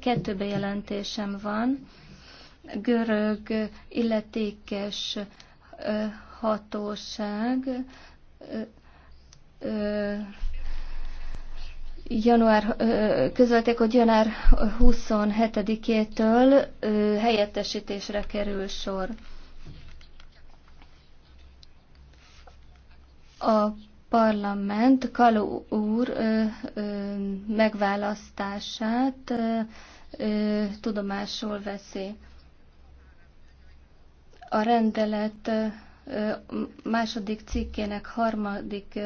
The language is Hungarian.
kettő bejelentésem van. Görög illetékes hatóság január, közölték, hogy január 27-től helyettesítésre kerül sor. A parlament Kaló úr ö, ö, megválasztását tudomásul veszi. A rendelet második cikkének harmadik